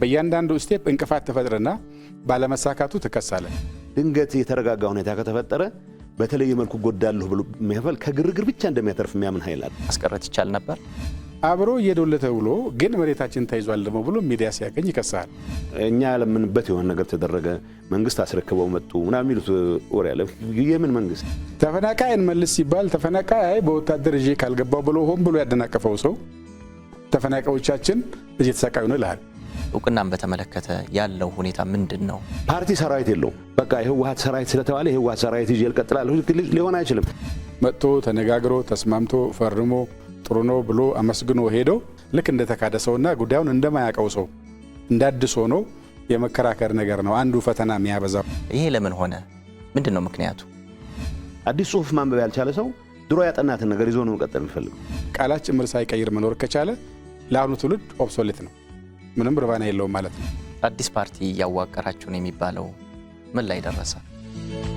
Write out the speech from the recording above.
በእያንዳንዱ ስቴፕ እንቅፋት ተፈጥረና ባለመሳካቱ ትከሳለ። ድንገት የተረጋጋ ሁኔታ ከተፈጠረ በተለየ መልኩ ጎዳለሁ ብሎ የሚያፈል ከግርግር ብቻ እንደሚያተርፍ የሚያምን ኃይል አለ። ማስቀረት ይቻል ነበር አብሮ እየዶለ ተብሎ ግን መሬታችን ተይዟል ደሞ ብሎ ሚዲያ ሲያገኝ ይከሳል። እኛ ያለምንበት የሆነ ነገር ተደረገ፣ መንግስት አስረክበው መጡ ምና የሚሉት ወር ያለ። የምን መንግስት? ተፈናቃይ እንመልስ ሲባል ተፈናቃይ በወታደር ይዤ ካልገባው ብሎ ሆን ብሎ ያደናቀፈው ሰው ተፈናቃዮቻችን እየተሰቃዩ ነው ይልሃል። እውቅናን በተመለከተ ያለው ሁኔታ ምንድን ነው? ፓርቲ ሰራዊት የለው በቃ የህወሀት ሰራዊት ስለተባለ የህወሀት ሰራዊት ይዤ እቀጥላለሁ ሊሆን አይችልም። መጥቶ ተነጋግሮ ተስማምቶ ፈርሞ ጥሩ ነው ብሎ አመስግኖ ሄዶ ልክ እንደተካደ ሰውና ጉዳዩን እንደማያውቀው ሰው እንዳድሶ ነው የመከራከር ነገር ነው አንዱ ፈተና የሚያበዛው። ይሄ ለምን ሆነ? ምንድን ነው ምክንያቱ? አዲስ ጽሁፍ ማንበብ ያልቻለ ሰው ድሮ ያጠናትን ነገር ይዞ ነው መቀጠል የሚፈልገው። ቃላት ጭምር ሳይቀይር መኖር ከቻለ ለአሁኑ ትውልድ ኦብሶሌት ነው። ምንም ርባና የለውም ማለት ነው። አዲስ ፓርቲ እያዋቀራችሁ ነው የሚባለው ምን ላይ ደረሰ?